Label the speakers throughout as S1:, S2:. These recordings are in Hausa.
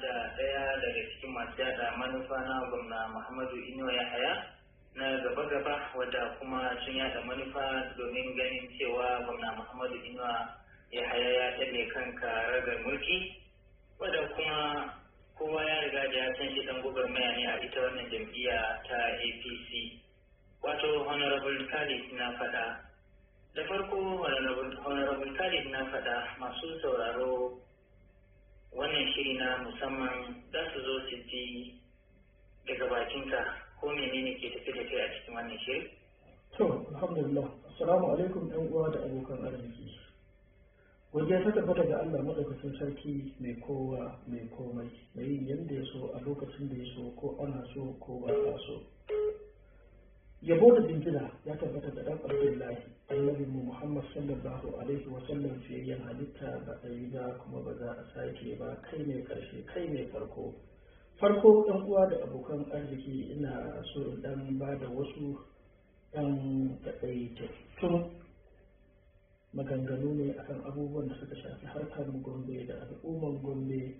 S1: da ɗaya daga cikin masu yada manufa na gwamna Muhammadu Ino Yahaya na gaba-gaba wadda kuma sun yada manufa domin ganin cewa gwamna Muhammadu Ino Yahaya ya ɗalle kanka ragar mulki wadda kuma kowa ya riga da ya san shi gugar gwagwarmaya ne a ita wannan jam'iyya ta APC. Wato Honorable Khalid na faɗa. Da farko Honorable Khalid na faɗa masu sauraro wannan shiri na musamman za su zo su ji daga bakinka ko menene ke tafi da kai a cikin wannan shiri?
S2: To, alhamdulillah, assalamu alaikum ɗan uwa da abokan arziki. Wajen ta tabbata da Allah maɗaukacin sarki mai kowa mai komai, mai yin yadda ya so a lokacin da ya so ko ana so ko ba a so. yabo da jinjina ya tabbata da dan abdullahi annabi mu muhammad sallallahu alaihi wa sallam fiyayyen halitta ba a yi ba kuma ba za a sake ba kai ne karshe kai ne farko farko dan uwa da abokan arziki ina so dan ba da wasu ɗan takaitattun maganganu ne akan abubuwan da suka shafi harkar gombe da al'ummar gombe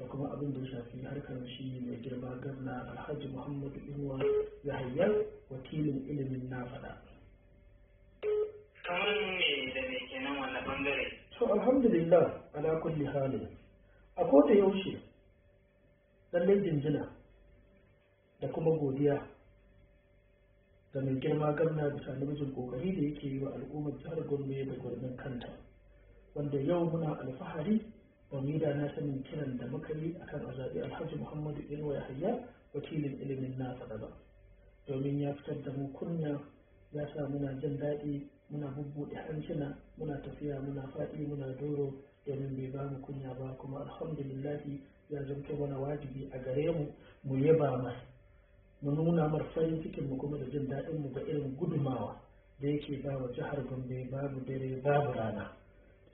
S2: da kuma abin da ya shafi harkar shi mai girma gabna alhaji muhammadu inuwa hayar wakilin ilimin na faɗa.
S1: kamar ne da ke nan bangare.
S2: to alhamdulillah ala kulli halin a kota yaushe lallai jinjina da kuma godiya da mai girma gamna bisa namijin kokari da yake yi wa al'ummar jihar gombe da gwamnan kanta wanda yau muna alfahari wamida na sanin kiran da muka yi akan a alhaji muhammadu inuwa yahaya wakilin ilimin na ba domin ya fitar da mu kunya ya sa muna jin daɗi muna bubbuɗe hancina muna tafiya muna faɗi muna doro domin bai bamu mu kunya ba kuma alhamdulillahi ya zanto mana wajibi a gare mu mu yaba masa mu nuna mar farin cikin mu kuma da jin daɗin mu ga irin gudumawa da yake ba wa jihar Gombe babu dare babu rana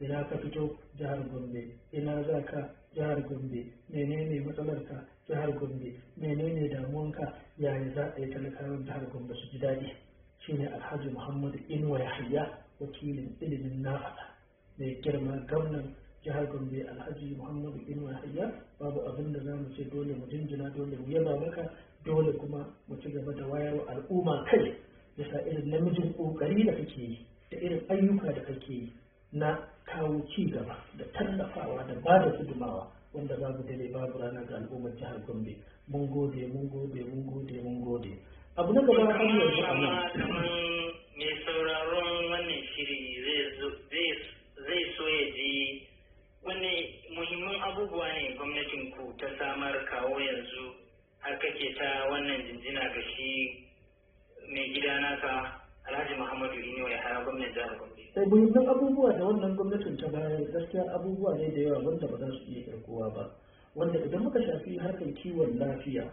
S2: ina ka fito jihar gombe ina za ka jihar gombe menene matsalarka jihar gombe menene ka yaya za a yi talakawar jihar gombe su ji daɗi shine alhaji muhammadu inuwa yahaya wakilin ilimin nafaɗa mai girma gwamnan jihar gombe alhaji muhammadu inuwa yahaya babu abin da za mu ce dole mu jinjina dole mu yaba maka dole kuma mu ci gaba da wayarwa al'umma kai bisa irin namijin kokari da kake yi da irin ayyuka da kake yi na kawo ci gaba da tallafawa da ba da gudumawa wanda babu dare babu rana ga al'ummar jihar gombe mun gode mun gode mun gode mun gode abu na gaba har yanzu a nan mai sauraron wannan shiri
S1: zai so ya ji wani muhimman abubuwa ne gwamnatin ku ta samar kawo yanzu har kake ta wannan jinjina ga shi mai gida naka Alhaji Muhammadu ya jihar
S2: Sai muhimman abubuwa da wannan gwamnatin ta bayar gaskiya abubuwa ne da yawa wanda ba za su iya kirkowa ba. Wanda idan muka shafi harkar kiwon lafiya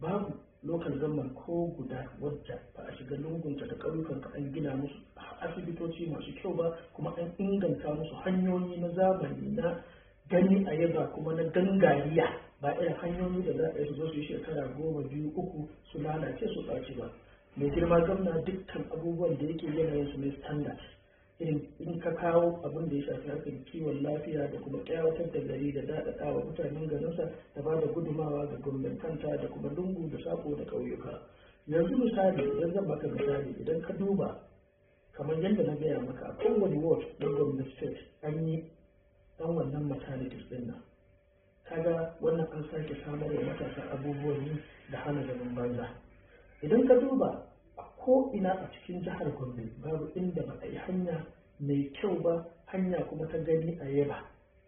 S2: babu lokal zaman ko guda wadda ba a shiga lungunta da ka an gina musu asibitoci masu kyau ba kuma an inganta musu hanyoyi na zamani na gani a yaba kuma na gangariya ba irin hanyoyi da za a yi su zo su yi shekara goma biyu uku su lalace su ɓaci ba mai girma gamna dukkan abubuwan da yake yanayin su ne standard in ka kawo abin da ya shafi harkar kiwon lafiya da kuma tsayawatar da gari da daɗaɗa wa mutanen garinsa da ba da gudumawa ga gwamnan kanta da kuma lungu da sako da ƙauyuka yanzu misali idan zan baka misali idan ka duba kamar yadda na gaya maka a kowane ward na gwamnan state an yi ɗan wannan maternity ɗin nan kaga wannan an sake samar da matasa abubuwan yi da hana zaman banza idan ka duba a ko ina a cikin jihar gombe babu inda ba a yi hanya mai kyau ba hanya kuma ta gani a yaba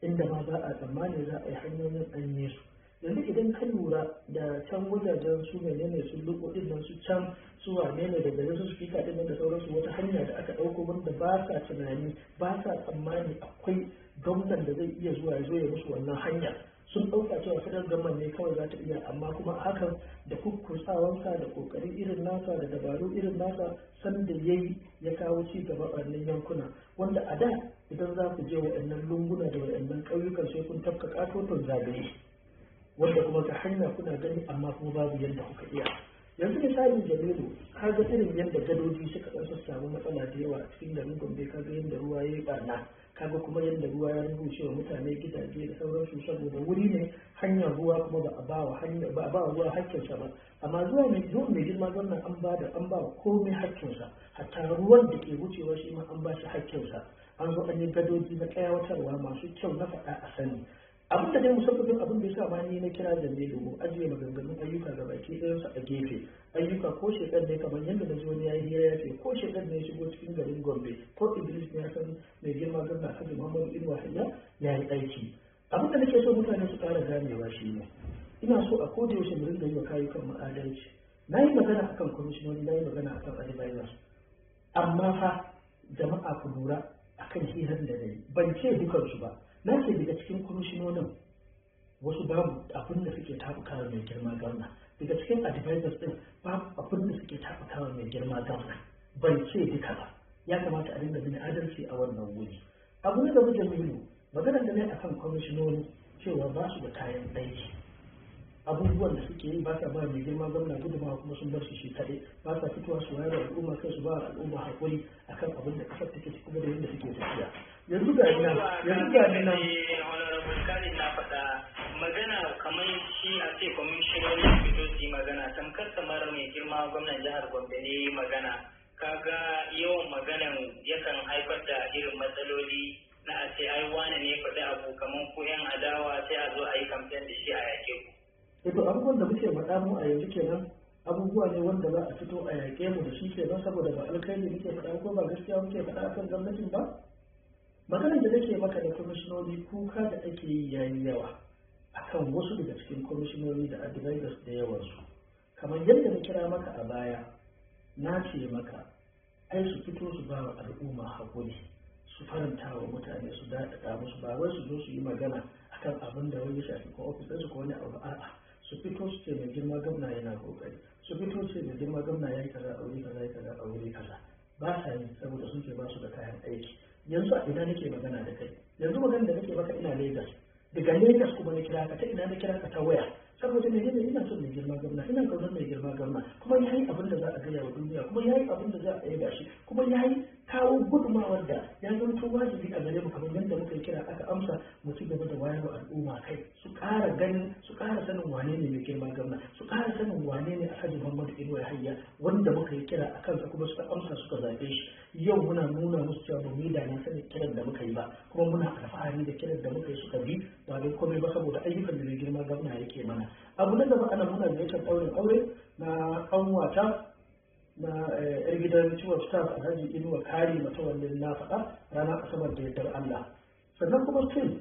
S2: inda ma ba a tsammani za a yi hanyoyin an yi su yanzu idan ka lura da can wajajen su ne su luko din nan su can su wane ne daga yanzu su fika din da sauransu wata hanya da aka ɗauko wanda ba sa tunani ba sa tsammani akwai gwamnan da zai iya zuwa ya zo ya musu wannan hanya sun ɗauka cewa fadar gamman ne kawai za ta iya amma kuma hakan da kukkusawansa da ƙoƙarin irin nasa da dabaru irin nasa sanda ya yi ya kawo ci gaba a wannan yankuna wanda a da idan za ku je wa'annan lunguna da wa'annan ƙauyukan sai kun tafka katoton zagaye wanda kuma ta hanya kuna gani amma kuma babu yadda kuka iya yanzu misalin jamilu ka ga irin yadda gadoji suka ɗan samu matsala da yawa a cikin garin gombe ka ga yadda ruwa ya yi ɓarna kaga kuma yadda ruwa ya rubuce wa mutane gidaje da sauransu saboda wuri ne hanyar ruwa kuma ba a ba wa ba a ba ruwa hakkinsa ba amma zuwa mai zuwa mai girma wannan an ba da an ba wa komai hakkinsa hatta ruwan da ke wucewa shi ma an ba shi hakkinsa an zo an yi gadoji na kayawatarwa masu kyau na faɗa a sani abin da dai musabbabin abin da yasa ni na kira da ne domin ajiye maganganun ayyuka ga baki ɗayan a gefe ayyuka ko shekar ne kamar yadda na zo ya yi hira ya ce ko shekar ne ya shigo cikin garin gombe ko idris ne ya san mai girma gwamna hajji muhammadu bin wahaya ya yi aiki abin da nake so mutane su ƙara ganewa shi ne ina so a koda yaushe mu rinka yi wa kayukan mu adalci na yi magana akan kwamishinoni na yi magana akan advisors amma fa jama'a ku lura akan hirar da na ban ce dukansu ba na ce daga cikin kwamishinonin wasu babu abin da suke tafukawa mai girma gauna daga cikin advisors din babu abin da suke tafukawa mai girma gauna ban ce duka ba ya kamata a dinga bin adalci a wannan wuri abu da gaba jamilu maganar da ne akan kwamishinoni cewa ba su da kayan aiki abubuwan da suke yi ba sa ba mai girma gwamna gudunmawa kuma sun bar shi shi kaɗai ba sa fitowa su wayar da al'umma kai su ba al'umma hakuri akan abin da kasar take kuma da yadda suke tafiya yanzu ga ina yanzu ga ina
S1: na faɗa magana kamar shi a ce kwamishinoni fito su yi magana tamkar kamar mai girma gwamnan jihar gombe ne magana kaga yawan maganan yakan haifar da irin matsaloli na a ce ai wane ne faɗi abu kamar ko yan adawa sai a zo a yi kamfen da shi a yake
S2: ku. to abubuwan da muke faɗa mu a yanzu kenan abubuwa ne wanda za a fito a yaƙe mu da shi kenan saboda ba alkhairi muke faɗa ko ba gaskiya muke faɗa akan gwamnatin ba. maganar da nake maka da kwamishinoni kuka da ake yi yayi yawa akan wasu daga cikin kwamishinoni da advisors da yawansu kamar yadda na kira maka a baya na ce maka ai su fito su ba wa al'umma haƙuri su faranta wa mutane su daɗaɗa musu ba wai su zo su yi magana akan abin da wani shafi ko ofis ɗinsu ko wani abu a'a su fito su ce mai girma gwamna yana kokari su fito su ce mai girma gwamna ya yi kaza a wuri kaza ya yi kaza a wuri kaza ba sa yi saboda sun ce ba su da kayan aiki yanzu a ina nake magana da kai yanzu magana da nake maka ina Lagos daga Lagos kuma na kira ka ta ina na kira ka ta waya saboda mai ne ina son mai girma gwamna ina kaunar mai girma gwamna kuma ya yi abin da za a gaya wa duniya kuma ya yi abin da za a yaba shi kuma ya yi kawo gudunmawar da ya to wajibi a gare mu kamar yadda muka kira aka amsa mu ci gaba da wa al'umma kai su kara ganin su kara sanin wane ne mai girma gwamna su kara sanin wane ne alhaji muhammadu inuwa hayya wanda muka yi kira a kansa kuma suka amsa suka zabe shi yau muna nuna musu cewa ba mu yi da na sanin kiran da muka yi ba kuma muna alfahari da kiran da muka yi suka bi ba dai komai ba saboda ayyukan da mai girma gwamna yake mana abu na gaba ana muna da yakan ɗaurin aure na ƙanwata na yar eh, gidan ciwon a alhaji inuwa kari mata wannan na faɗa ranar asabar da yardar allah sannan kuma fim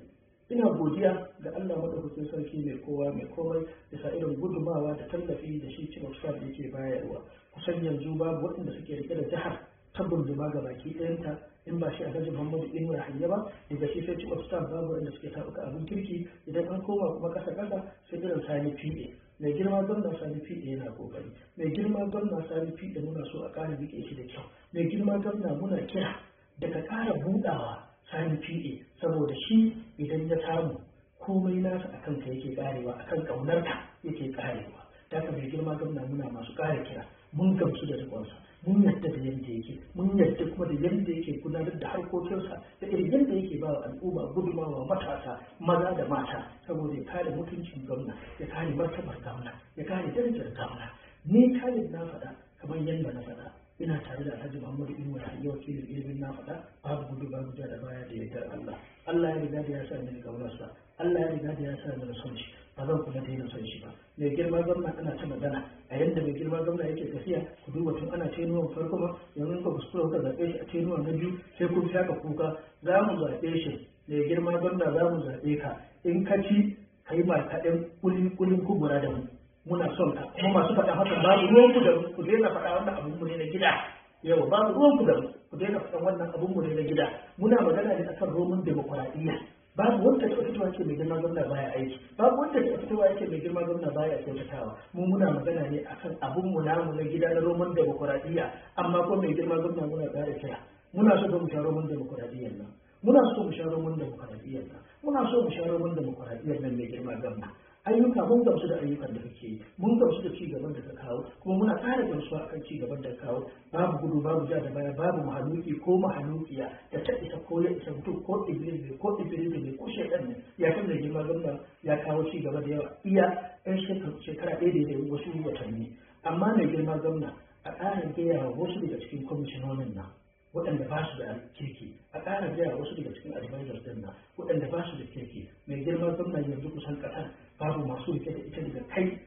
S2: ina godiya ga allah maɗaukakin sarki mai kowa mai komai bisa irin gudumawa da tallafi da shi ciwon staff yake bayarwa kusan yanzu babu waɗanda suke rike da jihar ta bunduma ga baki ɗayanta in ba shi a gajin muhammadu ibn hanyar ba daga shi sai tuba star babu wanda suke tabuka abin kirki idan an koma kuma kasa kasa sai kiran sani fiye mai girma na sani fiye yana kokari mai girma na sani fiye muna so a ƙara rike shi da kyau mai girma na muna kira daga kara buɗawa sani fiye saboda shi idan ya samu komai nasa a kanka yake karewa a kan ƙaunarta yake karewa ta mai girma na muna masu kara kira mun gamsu da rikonsa mun yadda da yadda yake mun yadda kuma da yadda yake gudanar da harkokinsa da irin yadda yake ba al'umma gudumawa matasa maza da mata saboda ya kare mutuncin gwamna ya kare martabar gwamna ya kare darajar gwamna ni kare na faɗa kamar yadda na faɗa ina tare da alhaji muhammadu ibn ke wakilin ilimin na faɗa babu gudu babu ja da baya da yadda allah allah ya riga da ya sa mini ƙaunarsa allah ya riga da ya sa mini son shi ba zan kula daina son shi ba mai girma gwamna ana ta magana a yadda mai girma gwamna yake tafiya ku duba tun ana nuwan farko ba, yanzu ka kuskura kuka zaɓe shi a nuwan na biyu sai kun shaka kuka za mu zaɓe shi mai girma gwamna za mu zaɓe ka in ka ci ka yi ba kaɗan kulin kulin kubura da mu muna son ka kuma masu faɗa haka babu ruwan ku da ku daina faɗa wannan abin mu ne na gida yau babu ruwan ku da ku daina faɗa wannan abin mu ne na gida muna magana ne akan roman demokuraɗiyya babu wanda ta fitowa ce mai girma gwamna baya aiki babu wanda ta fitowa yake mai girma gwamna baya kyautatawa mu muna magana ne akan abun mu namu na gida na roman demokuraɗiyya amma ko mai girma gwamna muna tsara kira muna so mu sha roman demokuraɗiyyar nan muna so mu sha roman demokuraɗiyyar nan muna so mu sha roman demokuraɗiyyar nan mai girma gwamna ayyuka mun gamsu da ayyukan da kake yi mun gamsu da ci gaban da ka kawo kuma muna ƙara gamsuwa akan cigaban da ka kawo babu gudu babu ja da baya babu mahaluki ko mahalukiya da ta isa ko ya isa mutum ko iblis ne ko iblis ne ko shekar ne ya san da girma ya kawo cigaba da yawa iya ɗan shekara ɗaya da wasu watanni amma mai girma gwamna a ƙara gaya wasu daga cikin kwamishinonin nan waɗanda ba su da kirki a ƙara gaya wasu daga cikin advisors din waɗanda ba su da kirki mai girma gwamna yanzu kusan ƙasar 帮助们苏里这个这个的推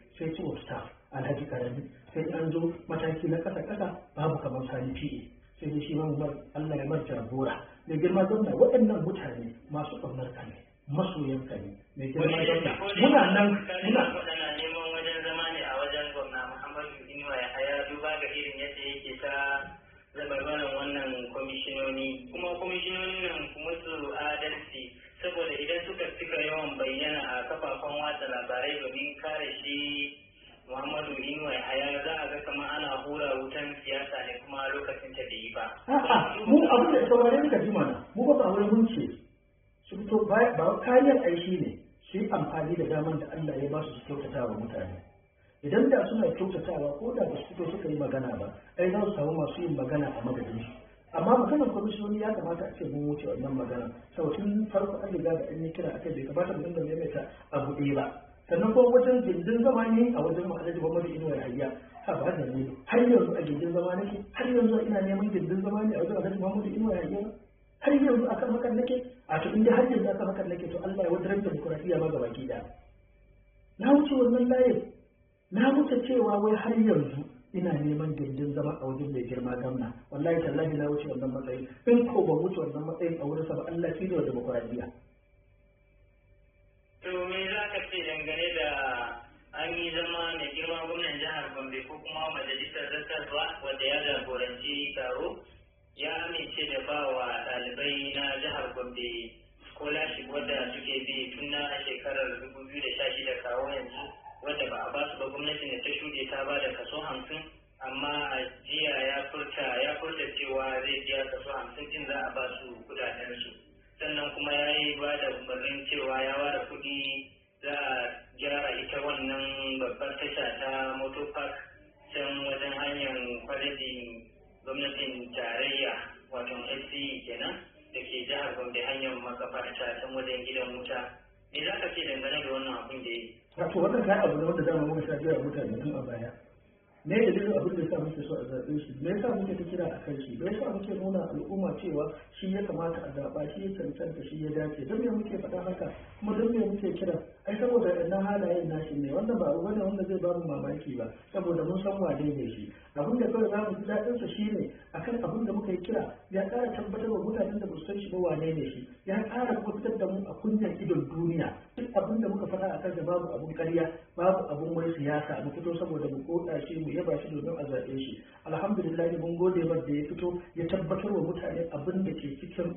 S2: saurare ka ji mana mu ba wai mun ce su fito ba kariyar aiki ne su yi amfani da daman da Allah ya ba su su kyautata wa mutane idan da suna kyautatawa ko da basu su fito suka yi magana ba ai za su samu masu yin magana a madadin su amma maganar kwamishoni ya kamata a ce mun wuce wannan magana saboda tun farko an riga da an yi kira kai bai kamata mu dinga maimaita abu ɗaya ba sannan kuma wajen gindin zama ne a wajen ma'anar da gwamnati inuwar hayya a ba da ne har yanzu a gindin zama nake har yanzu ina neman gindin zama ne a zuwa ga Muhammadu Inuwa ya yi har yanzu akan hakan nake a to inda har yanzu akan hakan nake to Allah ya wadaran demokradiya ma ga baki da na wuce wannan layin na wuce cewa wai har yanzu ina neman gindin zama a wajen mai girma gamna wallahi tallahi na wuce wannan matsayin in ko ba wuce wannan matsayin a wurinsa ba Allah shi ne wa demokradiya
S1: to me za ka ce dangane da an yi zama mai girma ba wanda ya jagoranci taro ya amince da ba wa ɗalibai na jihar gombe scholarship wadda suke bi tun na shekarar 2016 kawo yanzu wadda ba a ba su ba gwamnatin da ta shuɗe ta ba da kaso hamsin amma a jiya ya furta ya furta cewa zai biya kaso hamsin din za a ba su kudaden su sannan kuma ya yi ba da umarnin cewa ya ware kuɗi za a gyara ita wannan babbar tasha ta motor park can wajen hanyar kwalejin gwamnatin tarayya wato fce kenan da ke jihar gombe hanyar makafarta can wajen gidan wuta me za ka ce dangane da wannan abin da ya yi
S2: wato wannan kayan abu ne wanda dama muka a mutane tun a baya me da duk abin da sa muke so a zaɓe shi me yasa muke ta kira a kan shi me yasa muke nuna al'umma cewa shi ya kamata a zaɓa shi ya cancanta shi ya dace don me muke faɗa haka kuma don me muke kira ai saboda ɗan halayen nashi ne wannan ba abu bane wanda zai bamu mamaki ba saboda mun san wane ne shi abin da kawai za mu ji daɗin sa shi ne akan abin da muka yi kira ya ƙara tabbatar wa mutanen da ba su san shi ba wane ne shi ya ƙara fitar da mu a kunyar idon duniya duk abin da muka faɗa a da babu abun ƙarya babu abun wani siyasa mu fito saboda mu koda shi mu yaba shi domin a zaɓe shi alhamdulillah mun gode ba da ya fito ya tabbatar wa mutane abin da ke cikin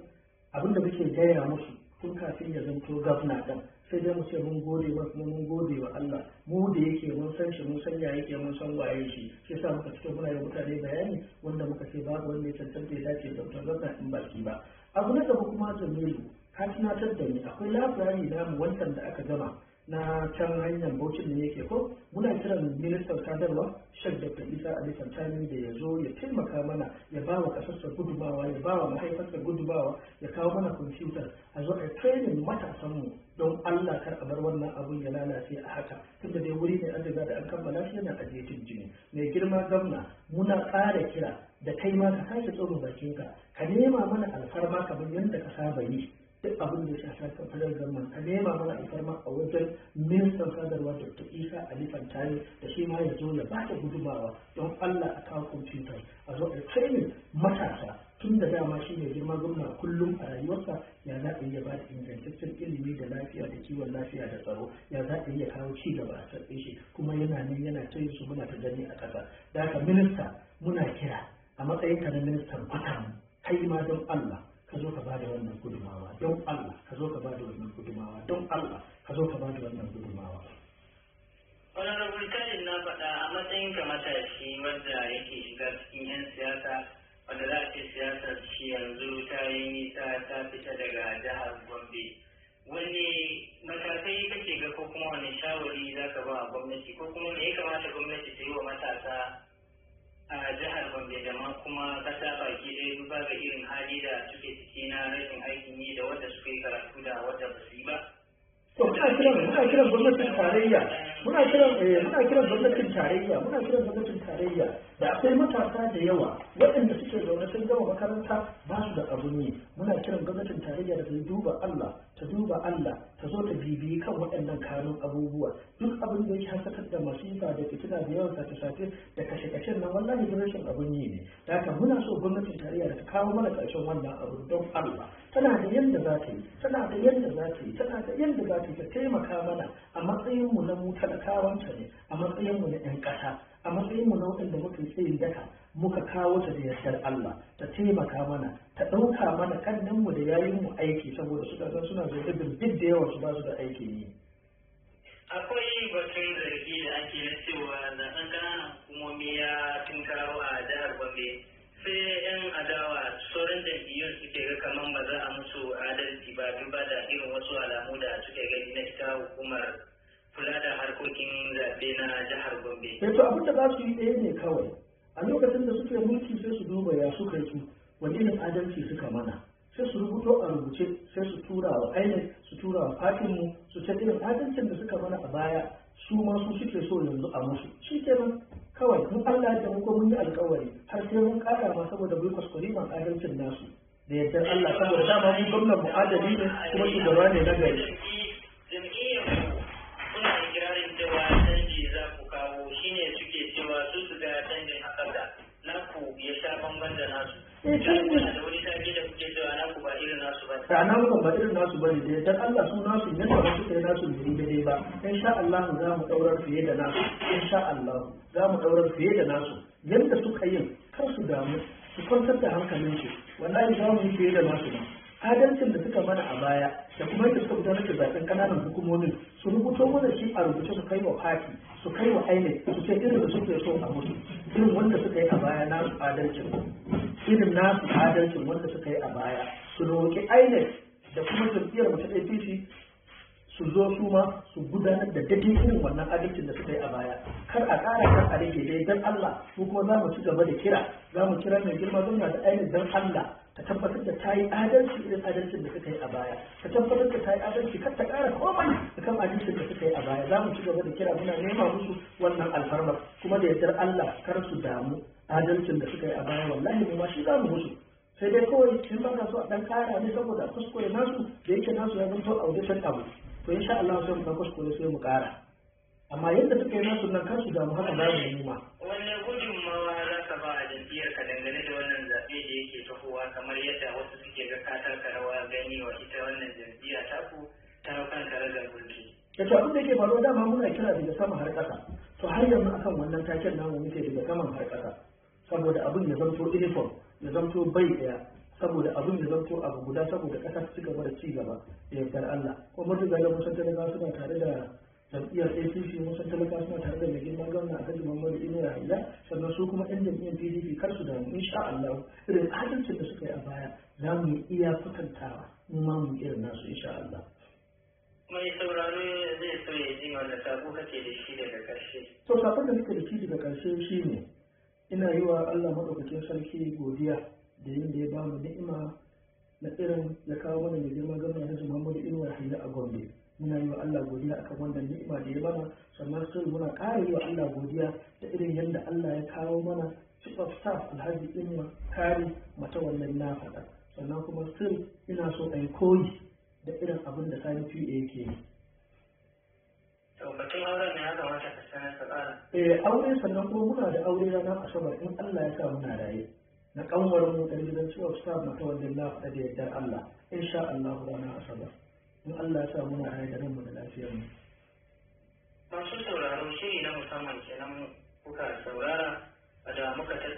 S2: abin da muke gaya musu tun kafin ya zanto gafna ɗan sai dai mu ce mun gode wa mun gode wa Allah mu da yake mun san shi mun san ya yake mun san waye shi shi yasa muka fito muna yi mutane bayani wanda muka ce babu wanda ya cancanta ya dace da mutum gafna in baki ba abu na gaba kuma Jamilu an tunatar da ni akwai labirari da mu wancan da aka gama na can hanyar bautin ne yake ko muna kiran ministan sadarwa shek dr isa ali santani da ya zo ya taimaka mana ya ba wa kasarsa gudubawa ya ba wa mahaifarsa gudubawa ya kawo mana kwamfutar a zo a training matasanmu don allah kar a bar wannan abun ya lalace a haka tunda dai wuri ne an da an kammala shi yana ajiyetin jini mai girma gamna muna ƙara kira da kai ma ka kashe tsoro bakinka ka nema mana alfarma kamar yadda ka saba yi duk abin da ya shafi kan fadar da a nema mana a wajen ministan sadarwa dr isa ali fantani da shi ma ya zo ya ba ta gudubawa don allah a kawo kwamfutar. a zo a training matasa tun da dama shi ne girma gwamna kullum a rayuwarsa ya za a iya ba da ingantaccen ilimi da lafiya da kiwon lafiya da tsaro ya za a iya kawo ci gaba a sarɗe shi kuma yana nan yana ta su muna ta gani a ƙasa da haka minista muna kira a matsayin ka na ministan kwata kai ma don allah ka zo ka bada wannan gudumawa don Allah ka zo ka bada wannan gudumawa don Allah ka zo ka bada wannan gudumawa
S1: wannan karin na faɗa a matsayin ka matashi wanda yake shiga cikin 'yan siyasa wanda za a ce siyasar shi yanzu ta yi nisa ta fita daga jihar gombe wani matakai kake ga ko kuma wani shawari za ka ba gwamnati ko kuma me ya kamata gwamnati ta yi wa matasa a jihar Gombe da ma kuma kasa baki ɗaya duba ga irin hali da suke ciki na rashin aikin yi da wanda suka yi karatu da wanda ba su yi ba.
S2: To muna kiran muna kiran gwamnatin tarayya muna kiran eh, muna kiran gwamnatin tarayya muna kiran gwamnatin tarayya da akwai matasa da yawa waɗanda suke sun gama makaranta ba su da abun yi muna kiran gwamnatin tarayya da ta duba Allah ta duba Allah ta zo ta bibiyi kan waɗannan kanun abubuwa duk abin da yake hasatar da masu yi da fitina da yawan sace sace da kashe kashen nan wallahi da rashin abun yi ne da haka muna so gwamnatin tarayya da ta kawo mana ƙarshen wannan abu don Allah tana da yadda za ta yi tana da yadda za ta yi tana da yadda za ta yi ta taimaka mana a matsayinmu na mu talakawanta ne a matsayinmu na 'yan ƙasa a matsayinmu na waɗanda muka yi tsayin daka muka kawo ta da yardar Allah ta taimaka mana ta ɗauka mana kannan mu da yayin mu aiki saboda suka san suna zai duk da yawa su ba su da aiki ne
S1: akwai batun zargi da ake na cewa ɗan ƙananan hukumomi ya tunkaro a jihar gombe sai yan adawa sauran jam'iyyun suke ga kamar ba za a musu adalci ba duba da irin wasu alamu da suke gani na ita hukumar kula da harkokin zaɓe na jihar gombe. Yanzu
S2: eh, abin da za su yi ɗaya ne kawai a lokacin da suke mulki sai su duba ya suka su, wani ne adalci suka mana sai su rubuto a rubuce sai su tura wa aini su tura wa fatinmu su ce irin adalcin da suka mana a baya su ma su suke so yanzu a musu shi ke nan kawai mun Allah da muku mun yi alkawari har sai mun kara ma saboda bai kuskure ma adalcin nasu da yadda Allah saboda dama mun gwamnan mu adali ne kuma shugaba ne na gari
S1: rana ranar ku
S2: ba irin nasu bane dai dan Allah su nasu ne ba su yi nasu bai dai ba insha Allah za mu daurar fiye da nasu insha Allah za mu daurar fiye da nasu yadda suka yi kar su damu su kwantar da hankalin su wallahi za mu yi fiye da nasu ba adalcin da suka mana a baya da kuma yadda suka gudanar da zaben ƙananan hukumomin su rubuto mana shi a rubuce su kai wa fati su kai wa ainihin su ce irin da suke so a mutu irin wanda suka yi a baya na su adalcin irin na su adalcin wanda suka yi a baya su roƙi ainihin da kuma jam'iyyar mace APC su zo su ma su gudanar da daidai irin wannan adalcin da suka yi a baya kar a ƙara kan a rage dai don Allah mu kuma za mu ci gaba da kira za mu kira mai girma gwamna da ainihin don Allah ka tabbatar da ta yi adalci idan adalcin da suka yi a baya ka tabbatar da ta yi adalci kar ta ƙara komai kan adalcin da suka yi a baya za mu ci gaba da kira muna nema musu wannan alfarma kuma da yardar Allah kar su damu adalcin da suka yi a baya wallahi mu ma shi za mu musu sai dai kawai in ba ka so a dan ƙara ne saboda kuskure nasu da yake nasu ya zanto a wajen abu to insha Allah sai mu ka kuskure sai mu ƙara amma yadda suka yi nasu nan kansu da muhammad da mu yi ma.
S1: wanne gudunmawa za ka ba a jam'iyyar ka dangane da wannan zaɓe da yake tafowa kamar yadda wasu suke ga katar karawa gani wa ita wannan jam'iyya ta ku ta kan karagar mulki. da to
S2: abin da yake faruwa dama muna kira daga sama har ƙasa to har yanzu akan wannan taken namu muke daga saman har ƙasa saboda abin ya zamto uniform ya zamto bai ɗaya saboda abin da zanto abu guda saboda ƙasa su ci gaba da ci gaba da yardar Allah kuma mutum da ya mutunta da suna tare da jam'iyyar apc wasan talaka suna tare da mai girman gwamna a kan muhammadu inu yahaya sannan su kuma yan jam'iyyar pdp kar su damu insha allah irin adalcin da suka yi a baya za mu iya kwatantawa mu ma mu irin nasu insha allah
S1: mai sauraro zai so ya ji wanda sabu kake da shi daga ƙarshe.
S2: to kafin da nake da shi daga ƙarshe shi ne ina yi wa allah maɗaukakin sarki godiya da yadda ya ba mu ni'ima na irin ya kawo mana mai girma gwamna hajji muhammadu inu yahaya a gombe muna yi wa Allah godiya akan wannan ni'ima da ya bana sannan sai muna ƙara yi wa Allah godiya da irin yadda Allah ya kawo mana chief of alhaji Alhaji Imma kare mata wannan na faɗa sannan kuma still ina so a yi koyi da irin abin da Sani PA yake yi.
S1: ya kamata
S2: Eh aure sannan kuma muna da aure ranar Asabar in Allah ya sa muna raye. na ƙanwar mu ɗan gidan su sa mata wannan na faɗa da yardar Allah insha Allah ranar Asabar. in Allah sa muna a da ranmu da lafiyar mu
S1: masu sauraro shiri na musamman kenan kuka saurara da muka tattauna